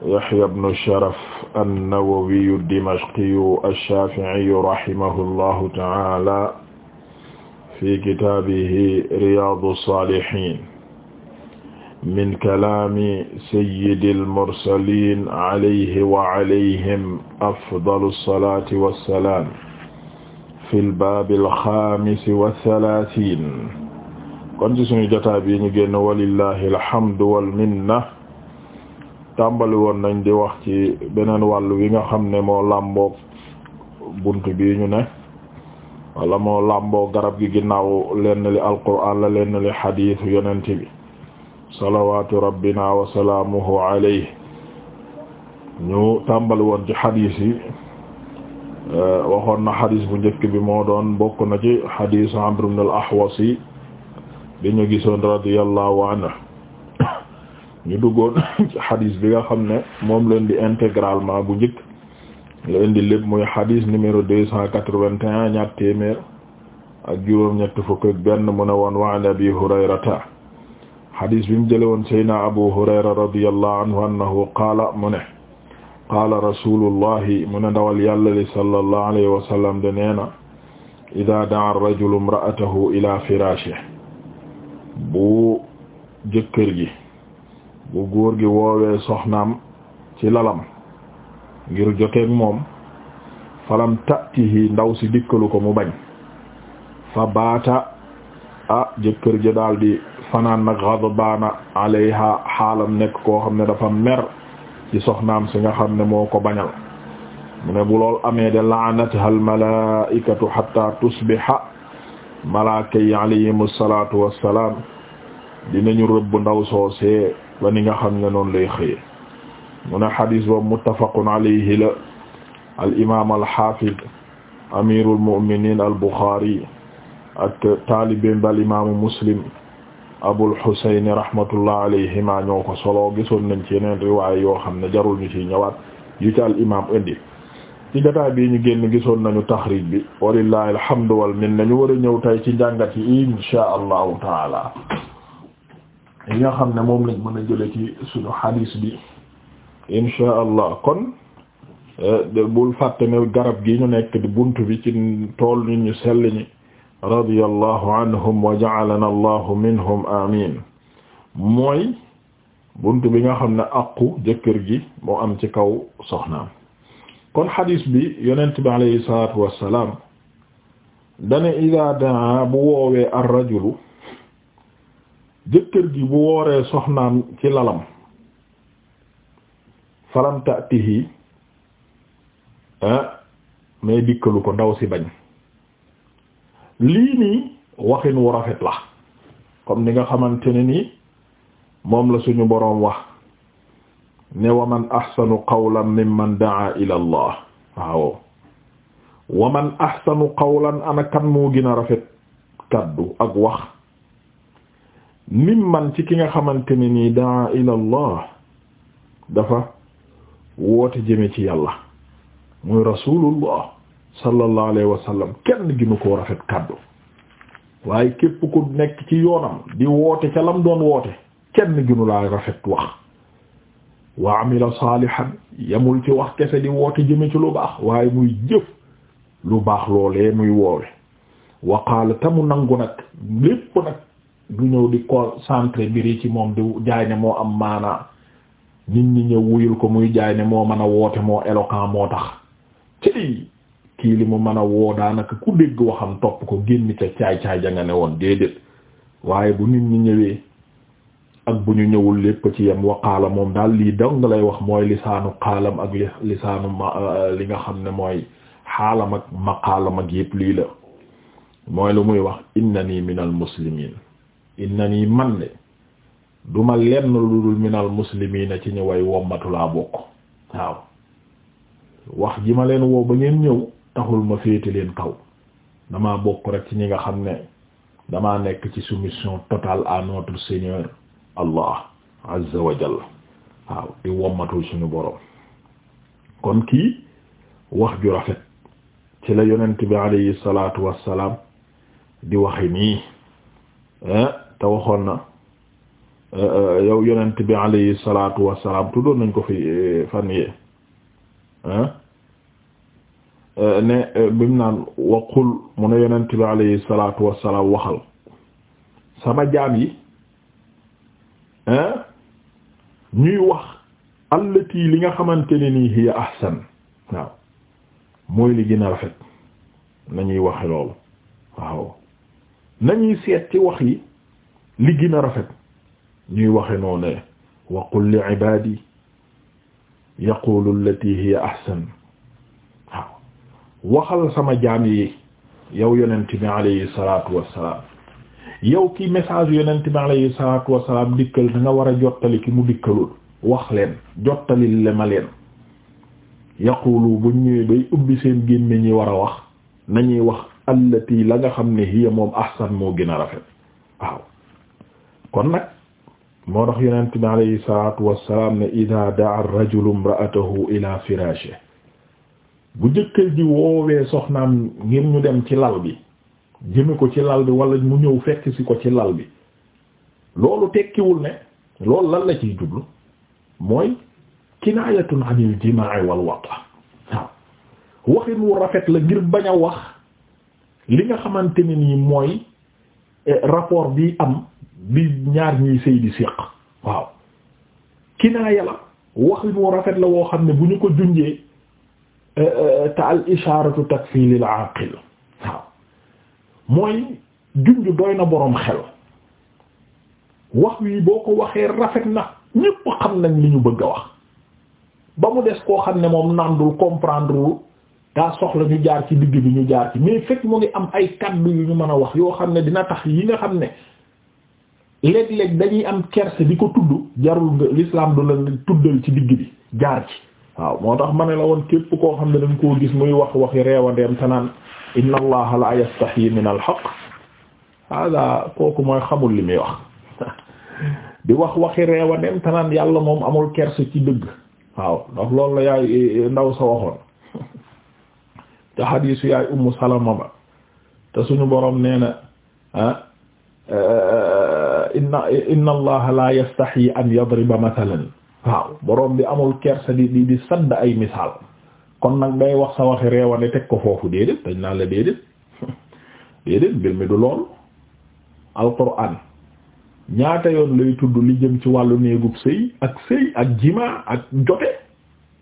Yahya ibn Sharaf an-Nawawi ad-Dimashqi ash-Shafi'i rahimahullahu ta'ala fi kitaabihi Riyaadu s-Saalihiin min kalaami sayyidil mursaliin alayhi wa alayhim afdalu s-salaati wa s-salaam fil baabil xaamisi wa s-salaasiin kon ci sunu jotaay bi ñu génn walillaahil hamdu wal minna tàmbali woon nañ di wax ci beneen wàll wi nga xam ne moo làmbook bunt bi ñu ne wala moo làmboo garab gi ginnaaw lenn li alquraan la lenn li xadiis yonent bi salawaatu rabbina wa salaamuhu ñu tàmbali woon ci xadiis yi eh, waxoon na xadiis bu njëkk bi moo doon bokk na ci xadiis Amr ibn al-Ahwas yi bi ñu gisoon radiyallahu anhu ñu duggoon bi nga xam ne moom leen di intégralement bu njëkk leen di lépp muy xadis numéro deux cent quatre-vingt-un ñaar téeméer ak juróom ñett benn mu ne woon wa an abi hurayrata xadis bi mu jële woon sayna abu hurayra radiyallahu anhu annahu mu ne qaala rasulullahi mu ne dawal yàlla li sallallahu alayhi wa sallam de nee na ida daa rajulu imra'atahu ila firaashi bu jëkkër ji bu góor gi woowee soxnaam ci lalam ngir joteeg moom falam tatihi ndaw si dikkalu ko mu bañ fa baata ah jëkkër ja daal di fanaan nag ghadbana alayha xaalam nekk koo xam ne dafa mer ci soxnaam si nga xam ne moo ko bañal mu ne bu lool amee de la'anatha al malaikatu hatta tusbiha malaaka yi alayhimu salaatu wassalaam dina dinañu rëbb ndaw soosee ba ni nga xam ne noon lay xëyee mu ne xadis boobu muttafaqun alayhi la al imaam al xaafid amirul mu'minin al buxaari ak taalibin bal imaamu muslim abul xusayn rahmatullah alayhima ñoo ko solo gisoon nañ ci yeneen riwaay yoo xam ne jarul ñu ci ñëwaat yu ci al imaam indi ci gataay bii ñu génn gisoon nañu taxrij bi walillahi alhamdu wal minna ñu war a ñëw tay ci njàngat yi insha allahu taala yi nga xam ne moom lañ mën a jële ci suñu hadis bi insha allah kon eh, bul fàtte ne garab gi ñu nekk di buntu bi ci tool nit ñu sell ñi radiyallahu anhum wa ja'alana allahu minhum amin mooy buntu bi nga xam ne aqu jëkkër gi moo am ci kaw soxnaam kon hadis bi yonent bi alayhi salaatu wassalaam dane ida daa bu woowee ar rajulu jëkkër gi bu wooree soxnaam ci lalam falam tatihi ah mais dikkalu ko ndaw si bañ lii nii waxin wu rafet la comme ni nga xamante ne nii moom la suñu boroom wax ne wa man ahsanu qawlan mimman daa ila allah waaw wa man ahsanu qawlan ana kan moo gën a rafet kaddu ak wax mimman ci ki nga xamante ni nii daa ila allah dafa woote jëme ci yàlla muy rasulullah sallallahu alayhi wa sallam kenn ginu koo rafet kàddu waaye képp ku nekk ci yoonam di woote ca lam doon woote kenn ginu laa rafet wax wa amila saalihan yamul ci wax kese di woote jëme ci lu baax waaye muy jëf lu baax loolee muy woowe wa qaala tamu nangu nag lépp nag du ñëw di concentré mbir yi ci moom di jaay ne moo am maanaa nit ñi ñëw wuyul ko muy jaay ne moo man a woote moo éloquent moo tax ci kii li mu mën a woo daanaka ku dégg waxam topp ko génn ca caay-caay ja nga ne woon déedéet waaye bu nit ñi ñëwee ak bu ñu ñëwul lépp ci yem wa moom daal lii dong lay wax mooy lisaanu xaalam ak lisaanu ma euh, li nga xam ne mooy xaalam ak maqaalam ak yépp lii la mooy lu muy wax innani minal muslimin inna nii man de duma lenn lu dul minal muslimiina ci ñu way wommatu laa bokk waaw wax ji ma leen woo ba ngeen ñëw taxul ma féete leen kaw dama bokk rek ci ñi nga xam ne dama nekk ci soumission totale à notre Seigneur Allah azza jalla waaw di wommatul suñu boroom kon kii wax ju rafet ci la yonent bi alayhi salaatu wassalaam di waxi nii te waxoon na euh, euh, yow yonent bi alayhi salaatu wassalaam tuddoon nañ ko fi euh, fan yee ne bimu naan waqul mu ne yonent bi alayhi salaatu wassalaam waxal sama jaam yi ñuy wax allati li nga xamante ne nii hiya ahsan waaw mooy li gën a rafet nañuy wax loolu waaw nañuy seet ci wax yi li gën a rafet ñuy waxe noonu wa qul li ibadi yaqulu allati hiya ahsan waaw waxal sama jaam yi yow yonent bi alayhi salatu wassalam yow ki message yonent bi alayhi salatu wassalam dikkal da nga war a jottali ki mu dikkalul wax leen jottali le ma leen yaqulu bu ñëwee bay ubbi seen gémmiñ ñi war a wax nañuy wax allati la nga xam ne hiya moom ahsan moo gën a rafet kon nag moo tax yonent bi alayhi salaatu wassalaam ne ida daa rajulu imra'atahu ila firaashi bu jëkkër ji woowee soxnaam ngir ñu dem ci lal bi jëme ko ci lal bi wala mu ñëw fekk si ko ci lal bi loolu tekkiwul ne loolu lan la ciy jublu mooy kinaayatun anil jimaa'i wal wata waaw waxin wu rafet la ngir bañ a wax li nga xamante ni nii mooy eh, rapport bi am bi ñaar ñiy sëy di séq waaw kinaaya la waxin wu rafet la woo xam ne bu ñu ko junjee euh, euh, te al isharatu takfi lil aqil waaw mooy junj doy na boroom xel wax wi boo ko waxee rafet na ñépp xam nañ li ñu bëgg a wax ba mu des koo xam ne moom nandul comprendre wul daa soxla ñu jaar ci digg bi ñu jaar ci mais fekk mu ngi am ay kàddu yu ñu mën a wax yoo xam ne dina tax yi nga xam ne léeg-léeg dañuy am kerse di ko tudd jarul nga l'islam du la tuddal ci digg bi jaar ci waaw moo tax ma ne la woon képp koo xam ne dañ koo gis muy wax waxi reewandeem te naan inna allaha la yastahi min al haqq hada kooku mooy xamul li muy wax di wax waxi yàlla moom amul kerse ci dëgg waaw ndax loolu la yaay ndaw sa waxoon te hadiisu yaay ummu salama ba te suñu boroom nee na ah, eh, eh, eh, inna inna allaha la yastahi an yadriba mathalan waaw borom bi amul kersa di sadd ay misaal kon nag day wax sa waxi reewane teg ko foofu déedéet dañ naan la déedéet déedéet mbir mi du lool alquran ñaata yoon lay tudd li jëm ci wàllu néegub sëy ak sëy ak jima ak jote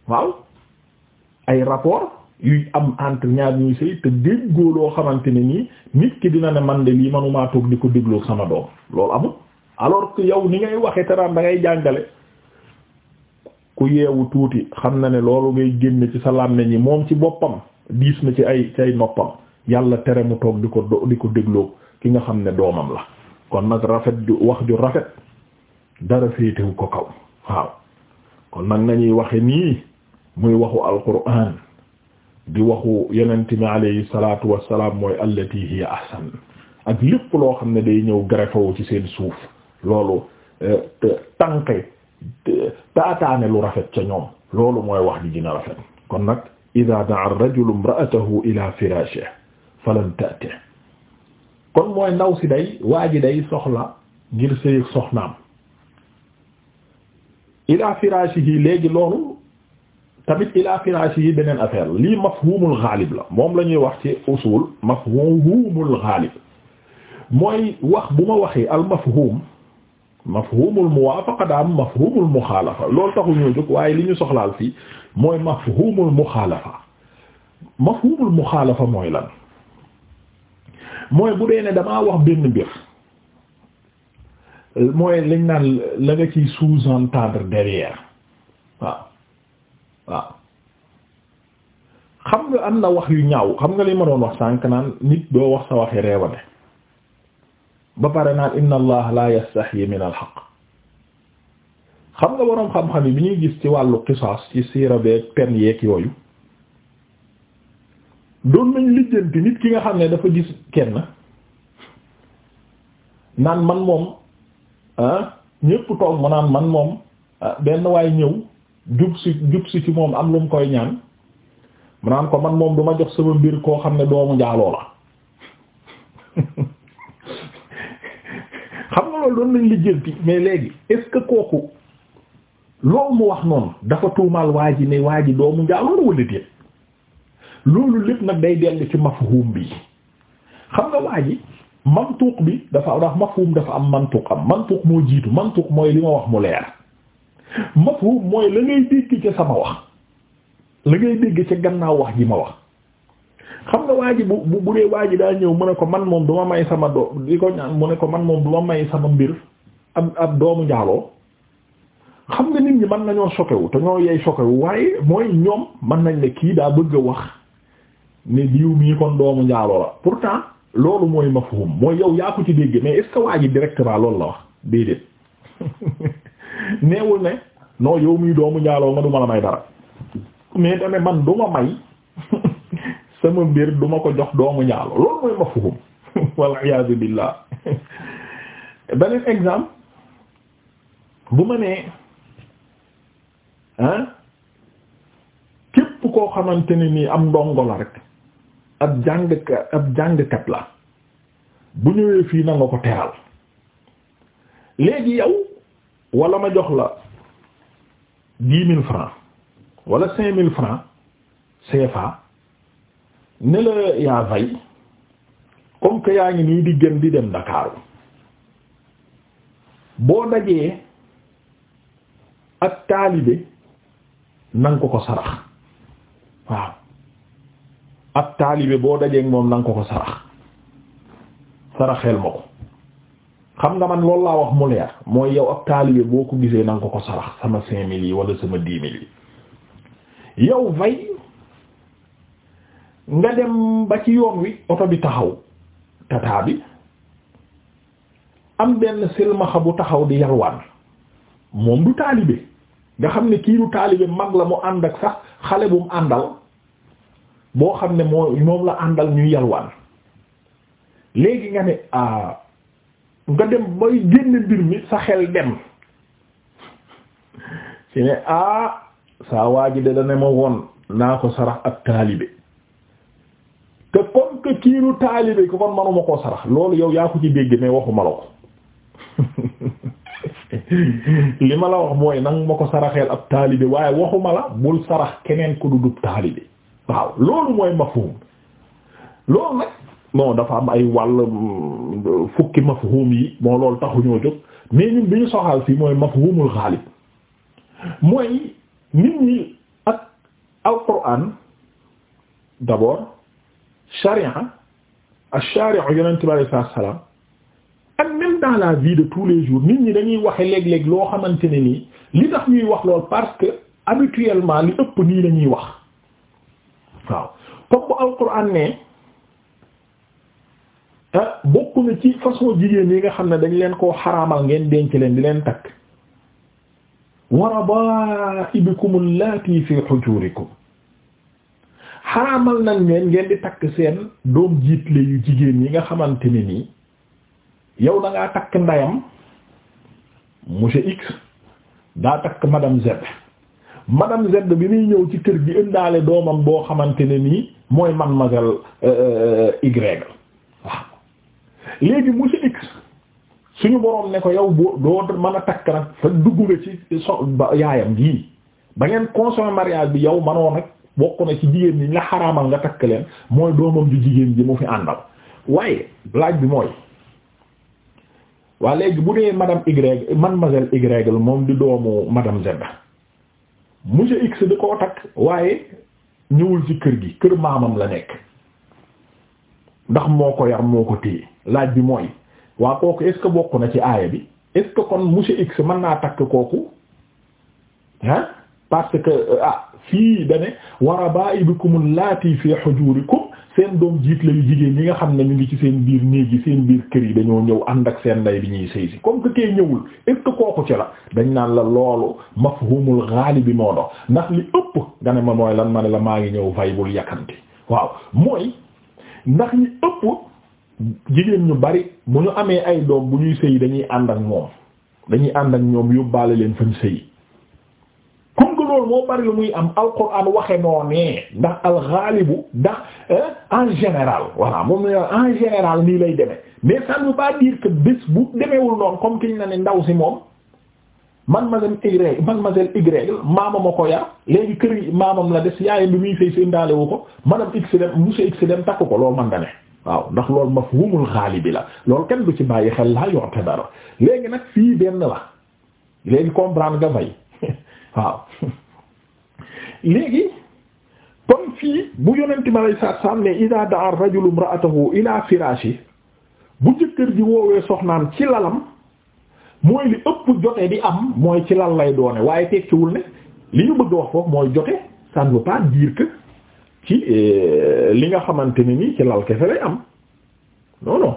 waaw ay rapport yuy am entre ñaar ñuy sëy te déggoo loo xamante ne nii nit ki dina ne man de lii manumaa toog di ko déglu sama doom loolu amul alors que yow ni ngay waxe te daan da ngay jàngale ku yeewu tuuti xam na ne loolu ngay génne ci sa làmmiñ yi moom ci boppam diis na ci ay ci ay noppam yàlla tere mu toog di ko do di ko dégloo ki nga xam ne doomam la kon nag rafet ju wax ju rafet dara féetewu ko kaw waaw kon nag nañuy waxe nii muy waxu alquran di waxu yenente mi alayhi salaatu wassalaam mooy allati hiya ahsan ak lépp loo xam ne day ñëw greffawu ci seen suuf loolu euh, tànke taataane lu rafet ca ñoom loolu mooy wax di dina rafet kon nag ida daa rajulu imra'atahu ila firashihi falan ta'ti kon mooy ndaw si day waa ji day soxla ngir sëy soxnaam ila firashihi léegi loolu tamit ila firaashi yi beneen affaire lii mafhumul ghalib la moom la ñuy wax ci usul mafhumul ghalib mooy wax bu ma waxee al mafhum mafhumul muwaafaqa daa am loolu taxul ñoo jóg waaye li ñu soxlaal fii mooy mafhumul muxaalafa mafhumul muxaalafa mooy lan mooy bu dee ne damaa wax benn mbir mooy lañ naan la nga ciy sous-entendre derrière waaw waaw xam nga am na wax yu ñaaw xam nga li ma doon wax sànk naan nit doo wax sa waxi reewale ba pare naan inna allah la yastaxyi min al xam nga boroom xam-xam yi bi ñuy gis ci wàllu qisaas ci siira beeg pen yeeg yooyu doon nañ lijjanti nit ki nga xam ne dafa gis kenn naan man moom ah ñépp toog mu naan man moom ah, benn waay ñëw jub si jub si ci moom am lu mu koy ñaan mu naan ko man moom du ma jox sama mbir koo xam ne doomu njaaloo la xam nga loolu doon nañ lijjanti mais léegi est ce que kooku loolu mu wax noonu dafa tuumaal waa ji ne waa ji doomu njaaloo la wala loolu lépp nag day dellu ci mafhum bi xam nga waa ji mantuq bi dafa ndax mafhum dafa am mantuq am mantuq moo jiitu mantuq mooy li ma wax mu leer mafhum mooy la ngay dégg ca sama wax la ngay dégg ca gannaaw wax ji ma wax xam nga waa ji bu bu bu dee waa ji daa ñëw mu ne ko man moom du ma may sama do di ko ñaan mu ne ko man moom du ma may sama mbir ab ab doomu njaaloo xam nga nit ñi mën nañoo choqué wu te ñoo yey choqué wu waaye mooy ñoom mën nañ ne kii daa bëgg a wax ne diw mii kon doomu njaaloo la pourtant loolu mooy mafhum mooy yow yaa ko ci dégg mais est ce que waa ji directement loolu la wax déedéet neewul ne noo yow mii doomu njaaloo nga la may dara mais tamit man du ma may sama mbir du ma ko jox doomu njaaloo loolu mooy mafhum wal iyaazu billah beneen exemple bu ma nee ah képp koo xamante ne nii am ndongo la rek ab jàngkat ab jàngkat la bu ñëwee fii na nga ko teral léegi yow wala ma jox la dix mille francs wala cinq mille francs CFA ne la yaa vay comme que yaa ngi nii di gën di dem Dakar boo dajee ak taalibe nanga ko ko sarax waaw ak taalibe boo dajee ak moom nang ko ko sarax saraxeel ma ko xam nga man loolu laa wax mu leer mooy yow ab taalibe boo ko gisee na nga ko sarax sama cinq mille wala sama dix mille yi yow nga dem ba ci yoon wi oto bi taxaw tataa bi am benn silmaxa bu taxaw di yalwaan moom du taalibe nga xam ne kii du taalibe mag la mu ànd ak sax xale bu mu àndal boo xam ne moo moom la àndal ñu yalwaan léegi nga ne ah, nga dem bay génn mbir mi sa xel dem ci ne ah saa waa ji da ne ma woon naa ko sarax ak taalibe te comme que kiiru taalibe ko kon manuma koo sarax loolu yow yaa ko ci dégg mais waxuma la ko li ma la wax mooy nang ma ko saraxeel ab taalibe waaye waxuma la bul sarax keneen ku du dub waaw loolu mooy mafhum loolu nag bon dafa am ay wàll mm, fukki mafhum yi bon loolu taxuñoo jóg mais ñun bi ñu soxal fii mooy mafhumul xaalib mooy nit ñi ak alquran d'abord charia ash-shari'u yonent bi alayhi salaam ak même dans la de tous les jours nit ñi dañuy waxe léeg-léeg loo xamante ne nii li tax ñuy wax lool parce que habituellement li ëpp nii lañuy wax waaw comme bu alquran ne bokk na ci façon jigéen yi nga xam ne dañ leen koo xaraamal ngeen denc leen di leen takk wa rabaa'ibukum allati fi hujurikum xaraamal nañ leen ngeen di takk seen doom jiitle yu jigéen yi nga xamante ni nii yow da takk ndayam monsieur X daa takk madame Z madame Z bi muy ñëw ci kër gi ëndaale doomam boo xamante ne nii mooy man magal euh, euh, Y léegi monsieur X suñu boroom ne ko yow boo doo mën a takk nag fa dugg ci so yaayam gii ba ngeen consommer mariage bi yow manoo nag bokk na ci jigéen ñi la xaraamal nga takk leen mooy doomam di jigéen ji mu fi àndal waaye laaj bi mooy waa léegi bu dee madame Y mademoiselle Y moom di doomu madame Z monsieur X di koo takk waaye ñëwul ci kër gi kër maamam la nekk ndax moo ko yar moo ko téye laaj bi mooy waa kooku est bokk na ci aaya bi est-ce que kon monsieur X mën naa takk kooku ah parce que euh, ah, fii dane war a ba'ibukum laati fi hujurikum seen doom jiit la jigéen ñi nga xam ne ñu ngi ci seen biir néeg yi seen biir kër yi dañoo ñëw ànd ak seen ndey bi ñuy sëy si comme que kee ñëwul est kooku ci la dañ naan la loolu mafhumul xaali bi moo dox ndax li ëpp nga ne ma mooy lan ma ne la maa ngi ñëw fay bul yàkkanti ndax ñu ëpp jigéen ñu bari bu ñu amee ay doom bu ñuy sëy dañuy ànd ak moom dañuy ànd ak ñoom yóbbaale leen fañ sëy comme que loolu moo bari lu muy am alquran waxe noonee ndax alxaalibu ndax en général voilà moom la en général nii lay demee mais ça ne veut pas dire que bés bu demeewul noonu comme ki ñu na ne ndaw si moom man mademoiselle Y mademoiselle Y maama ma ko yar léegi kër yi maamam la des yaayam bi muy fay seen daale wu ko madame X dem monsieur X takk ko loolu man nga ne waaw ndax loolu mafhumul xaali bi la loolu kenn du ci bàyyi xel laa yoxte dara léegi nag fii benn la léegi comprendre nga fay waaw léegi kon fii bu yonente mi alayi saatu salaam ne ida daa rajulu imra'atahu ila firaashi bu jëkkër ji woowee soxnaam ci lalam mooy li ëpp jote di am mooy ci lan lay doone waaye tekkiwul ne li ñu bëgg wax foofu mooy jote ça ne veut pas dire ci euh, li nga xamante ni nii ci lal kese lay am non non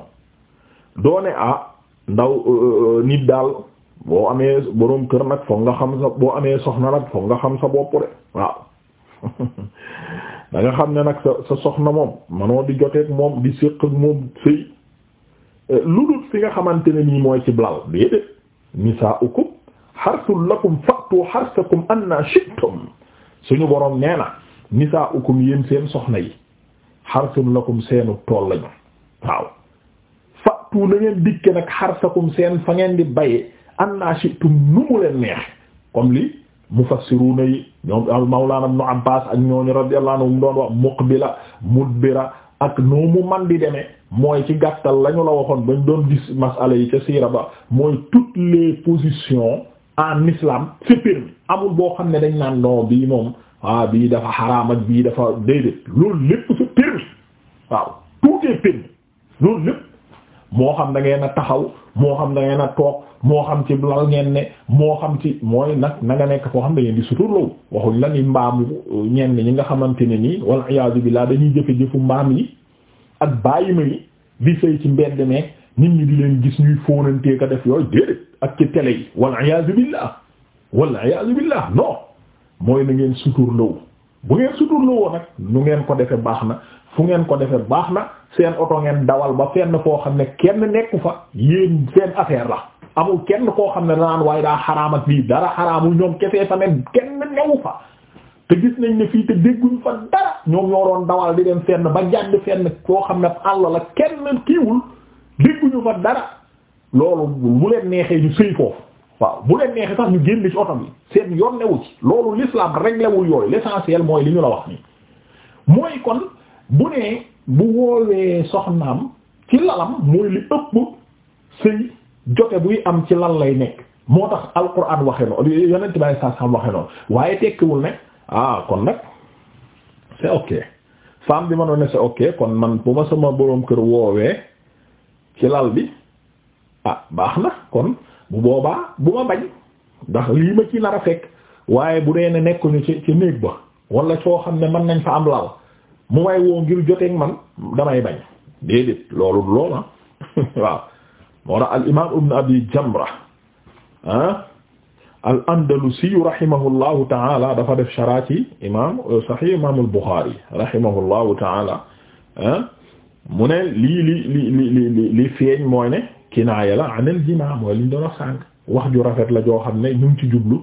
doone ah ndaw euh, euh, nit daal boo amee boroom kër nag foog nga xam sa boo amee soxna nag foog nga xam sa bopp de waaw da nga xam ne nag sa sa soxna moom manoo di joteeg moom di séq ak moom sëy lu dul fi nga xamante ne nii mooy ci blal déedéet nisaa'ukum harsul lakum fa'tu harsakum anna shi'tum suñu boroom nee na nisaa'ukum seen soxna yi harsul lakum seenu tool lañu waaw fa'tu na ngeen dikke nag harsakum seen fa ngeen di baye anna shi'tum nu mu leen neex comme li mufassiruna yi ñoom Mawlana Ibn Abbas ak ñooñu radiyallahu anhum doon wax muqbila mudbira ak nu mu man di deme mooy ci gàttal lañu la waxoon bañ doon gis masala yi ca siira ba mooy toutes les positions en islam c'est permis amul boo xam ne dañ naan non bi moom ah bii dafa xaraam ak bii dafa déedéet loolu lépp c'est permis waaw tout est permis loolu lépp moo xam da ngeen a taxaw moo xam da ngeen a toog moo xam ci lal ngeen ne moo xam ci mooy nag nanga nekk foo xam ne ngeen di suturloo waxuñ la ni mbaamu ñenn ñi nga xamante ne nii wal iyaadu billaah dañuy jëfe-jëfu mbaam yi ak bàyyi ma yi di sëy ci mbedd meeg nit ñi di leen gis ñuy fóonantee ka def yooyu déedéet ak ci télé yi wal iyaadu billaah wal iyaadu billaah non mooy na ngeen suturloo bu ngeen suturloo nag nu ngeen ko defe baax na fu ngeen ko defee baax na seen oto ngeen dawal ba fenn foo xam ne kenn nekku fa yéen affaire la amul kenn koo xam ne danaan waaye daa xaraam ak lii dara xaraamul ñoom kese fa ne kenn newu fa te gis nañ ne fii te dégguñ fa dara ñoom ñoo doon dawal di dem fenn ba jàdd fenn koo xam ne àll la kenn kiiwul dégguñu fa dara loolu bu leen neexee ñu sëy foofu waaw bu leen neexee sax ñu génn ci oto bi seen yoon newu ci loolu l'islam réglewul yooyu l'essentiel mooy li ñu la wax nii mooy kon bu nee bu woowee soxnaam ci lalam mooy li ëpp sëy jote buy am ci lan lay nekk moo tax alquran waxe noonu yonent baay saa saam waxe noonu waaye tekkiwul ne ah kon nag c'est ok femme bi ma doon ne c'est kon man bu ma sama boroom kër woowee ci lal bi ah baax na kon bu boobaa bu ma bañ ndax lii ma ci nar fekk waaye bu dee ne nekkuñu ci ci néeg ba walla soo xam ne mën nañ fa am lal mu may woo ngir joteeg man damay bañ déedéet loolu lool ah waaw moo tax al imaam ibn abi jamra ah, al andalusi rahimahullahu taala dafa def sharaa ci imaam euh, sahih imaam al buxaari rahimahullahu ah, mu ne lii li li li li feeñ mooy ne kinaaya la an al jimaa mooy liñ doon sànq wax ju rafet la joo xam ne ñu ci jublu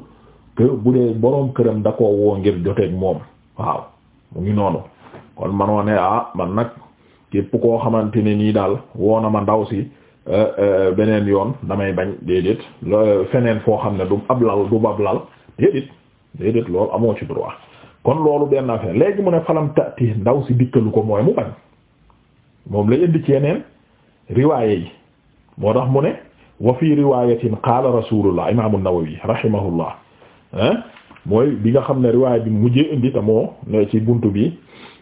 que bu dee boroom këram da koo woo ngir joteeg moom waaw mu ngi noonu kon manoo ne ah man nag képp koo xamante ne nii daal woo ma ndaw si. Euh, euh, beneen yoon damay bañ déedéet lo euh, feneen foo xam ne du ab lal du bab déedéet déedéet loolu amoo ci droit kon loolu benn affaire léegi mu ne falam tati ndaw si dikkalu ko mooy mu bañ moom lay indi ci yeneen riwaayé yi moo tax mu ne wa fi riwayatin qaala rasulullah imam an-Nawawi rahimahullah mooy bi nga xam ne riwaayé bi mujjee indi ta moo ne ci buntu bi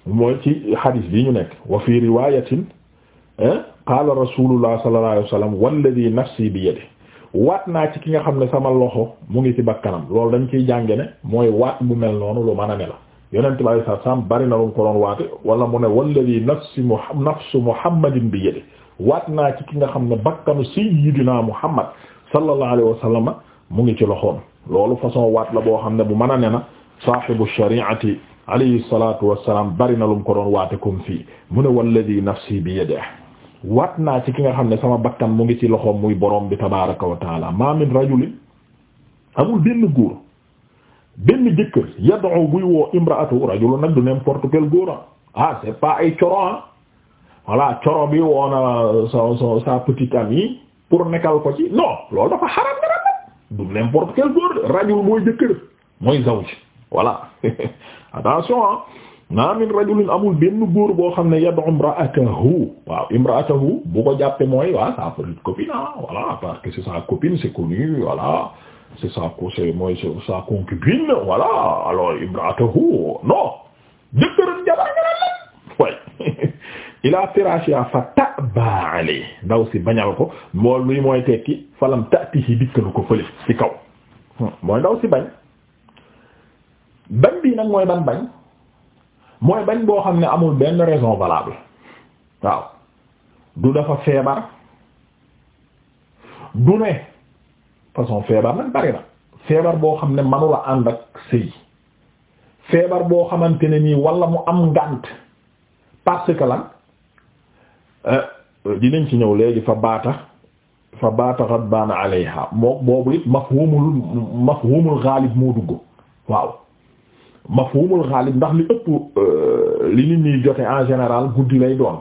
mooy ci hadis bi ñu nekk wa fi Eh? qaala rasulullah sallallahu alayhi wa sallam walladi nafsi bi yadihi waat naa ki nga xam ne sama loxo mu ngi ci bakkanam loolu dañ ciy jànge mooy waat bu mel noonu lu mën a ne la yonent bi alayhi salaam bari na lu ko doon waate wala mu ne walladi nafsi mu nafsu muhammadin bi yadihi waat naa ki nga xam ne bakkanu sayyidina muhammad sallallahu alayhi wa sallam mu ngi ci loxoom loolu façon waat la boo xam ne bu mën a ne na saahibu shari'ati alayhi salaatu wa salaam bari na lu mu ko doon waate comme fii mu ne walladi nafsi bi yadihi waat naa ci ki nga xam ne sama bakkan mu ngi ci loxoom muy borom bi tabaraka wa taala ma min rajulin amul benn góor benn jëkkër yad'u buy woo imraatu rajulun nag du n'importe quel góor ah, ah c'est ay coro ah bi woona sa sa sa petite amie pour nekkal ko ci non loolu dafa xaram dara nag du n'importe quel góor rajul mooy jëkkër mooy zawj voilà attention ma min rajulin amul benn góor boo xam ne yad'u imra'atahu waaw imra'atahu bu ko jàppe mooy waaw sa petite copine ah voilà parce que c'est sa copine c'est connu voilà c'est sa c'est mooy c'est sa concubine voilà alors imra'atahu non jëkkëran jabar ngara fa ta'ba alayhi ndaw si bañal ko mool luy mooy tekki falam ta'tihi dikkalu ko fële ci kaw hmm. mooy ndaw si bañ bañ bi nag mooy ban bañ mooy bañ boo xam ne amul benn raison valable waaw du dafa feebar du ne façon feebar nag bari feebar boo xam ne manula ànd ak sëy feebar boo xamante ne nii walla mu am ngànt parce que lan euh, dinañ ci ñëw léegi fa baata fa baata ghadbana alayha moo boobu it mafhumul mafhumul ghalib moo dugg waaw mafhumul xaalib ndax li ëpp euh, li nit ñuy jote en général guddi lay doon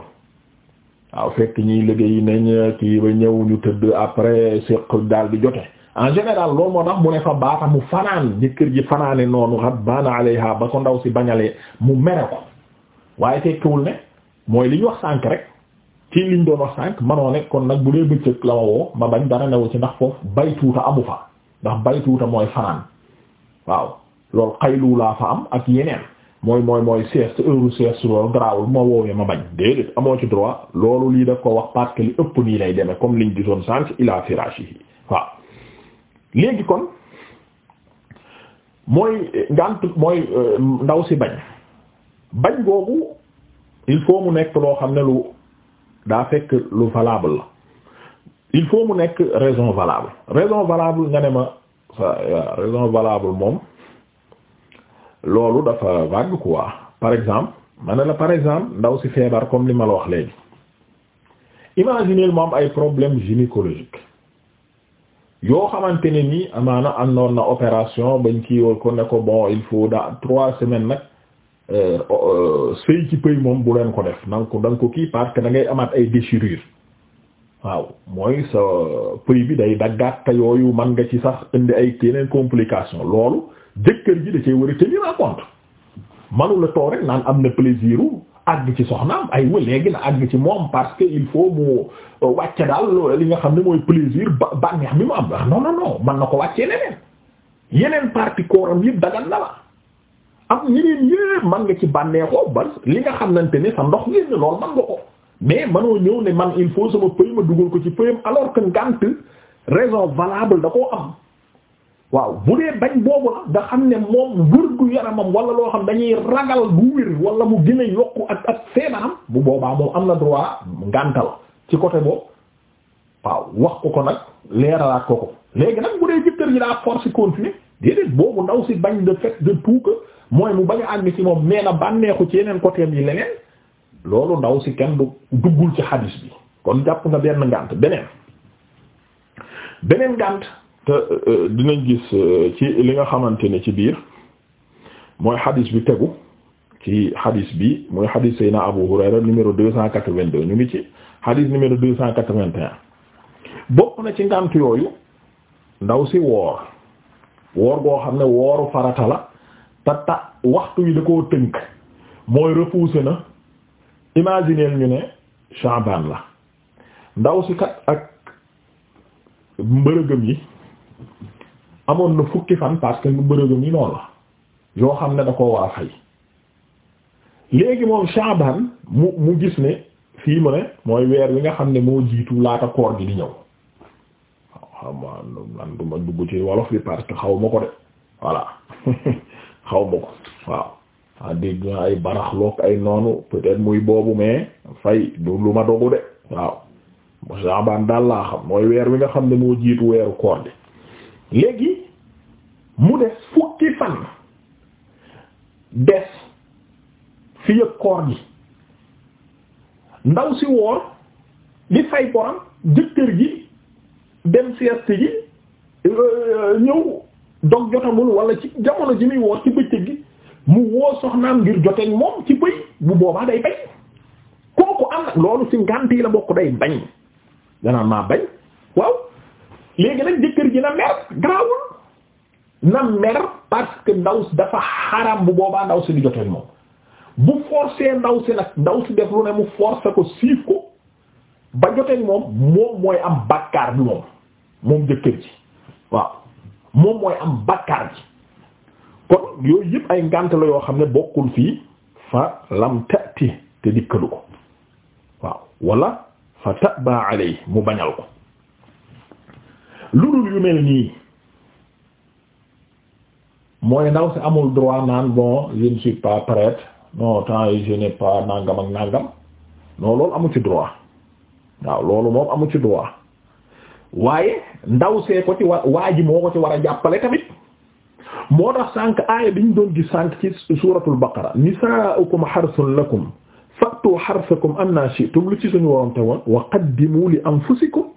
waaw fekk ñuy liggéey nañ kii ba ñëw ñu tëdd après séq daal di jote en général loolu moo tax mu ne fa baata mu fanaan kër ji fanaane noonu xat baana alayha ba ko ndaw si bañalee mu mere ko waaye tekkiwul ne mooy li ñu wax sànk rek ci liñ doon wax sànk manoo ne kon nag bu dee bëccëg la ma woo ma bañ dara newu ci ndax foofu bay tuuta amu fa ndax bay tuuta mooy fanaan waaw loolu xaylu laa fa am ak yeneen mooy mooy mooy sieste heure sieste loolu ma woowee ma bañ déedéet amoo ci droit loolu lii daf ko wax parce li ëpp nii lay demee comme liñ gisoon sànq ila firashihi waaw léegi kon mooy ngant mooy euh, ndaw si bañ bañ googu il faut mu nekk loo xam ne lu daa fekk lu valable la il faut mu nekk raison valable raison valable nga ne ma euh, raison valable moom loolu dafa vague waa par exemple ma ne la par exemple ndaw si feebar comme li ma la wax léegi imaginez mu am ay problème gynécologique yoo xamante ne nii amaana andoon na opération bañ kii wool ko ne ko bon il faut da trois semaines nag euh, euh, sëy ci pëy moom bu leen ko def na ko da nga ko kii parce que da ngay amaat ay déchirure waaw mooy sa euh, pëy bi day daggaat te yooyu man nga ci sax indi ay yeneen complication loolu jëkkër ji da cee war a tenir en compte manu la toog rek naan am na plaisir u àgg ci soxnaam ay wa léegi na àgg ci moom parce que il faut mu euh, wàcce daal li nga xam ne mooy plaisir ba bànneex bi mu am ah non non non mën na ko wàccee leneen yeneen parti kooram yëpp dagan na la am ñeneen yëpp mën nga ci bànneexoo ba li nga xam nante ni sa ndox génn loolu mën nga ko mais manoo ñëw ne man il faut sama pëy ma dugal ko ci pëyam alors que ngant raison valable da koo am waaw bu dee bañ boobu la nga xam ne moom wërgu yaramam wala loo xam dañuy ragal bu wér wala mu gën a yokku ak ak feebaram bu boobaa moom am na droit ngàntal ci côté boobu waaw wax ko ko nag leeralaat ko ko léegi nag bu dee jëkkër ji daa force continuer déedéet boobu ndaw si bañ de fait de tout mooy mu bañ a àgg ci moom nee na bànneexu ci yeneen côté yi leneen loolu ndaw si kenn du duggul ci xadis bi kon jàpp nga benn ngànt beneen beneen ngànt te euh, euh, dinañ gis euh, ci li nga xamante ne ci biir mooy xadis bi tegu ci xadis bi mooy xadis Seydina Abu Hurayra numéro deux cent quatre-vingt-deux ñu ngi ci xadis numéro deux cent quatre-vingt-un bokk na ci ngànt yooyu ndaw si woor woor goo xam ne wooru farata la te ta waxtu yi da koo tënk mooy repoussé na imaginer ñu ne Shaaban la ndaw si kat ak mbërëgëm yi amoon na fukki fan parce que bërëgam yi noonu la yoo xam ne da koo war a fay léegi moom Shaaban mu mu gis ne fii mu ne mooy weer wi nga xam ne moo jiitu laata koor gi di ñëw waaw xam nga du ma dugg ci wolof bi parce que xaw ma ko de voilà xaw ma ko waaw ah dégg nga ay baraxlook ay noonu peut muy boobu mais fay du lu ma dogu de waaw Shaaban daal laa xam mooy weer wi nga xam ne moo jiitu weeru koor gi léegi mu des fukki fan des fi koor gi ndaw si woor li fay boram jëkkër gi dem sieste gi euh, ñëw dog jotamul wala ci jamono ji muy woor ci bëj gi mu woo soxnaam ngir joteeg moom ci bëy bu boobaa day bañ kooku am na loolu ci ngànt yi la bokk day bañ danaan maa bañ léegi nag jëkkër ji na mer grawul na mer parce que ndaw si dafa xaram bu boobaa ndaw si di jotee moom bu forcé ndaw si nag ndaw si def lu ne mu forcé ko siif ko ba jotee moom moom mooy am bakkaar bi moom moom jëkkër ji waaw moom mooy am bakkaar ji kon yooyu yëpp ay ngànt la yoo xam ne bokkul fii fa lam tati te dikkalu ko waaw wala fa taba alay mu bañal ko lu dul yu mel nii mooy ndaw si amul droit naan bon je ne suis pas prête non temps je n'ai pas nangam ak nangam non loolu amu ci droit waaw loolu moom amu ci droit waaye ndaw see ko ci war waa ji moo ko ci war a jàppale tamit moo tax sànq aaya bi ñu doon gis sànq ci suuratul baqara nisaa'ukum harsun lakum fa'tu harsakum anna shi'tum lu ci suñu waroon te woon wa qaddimu li anfusikum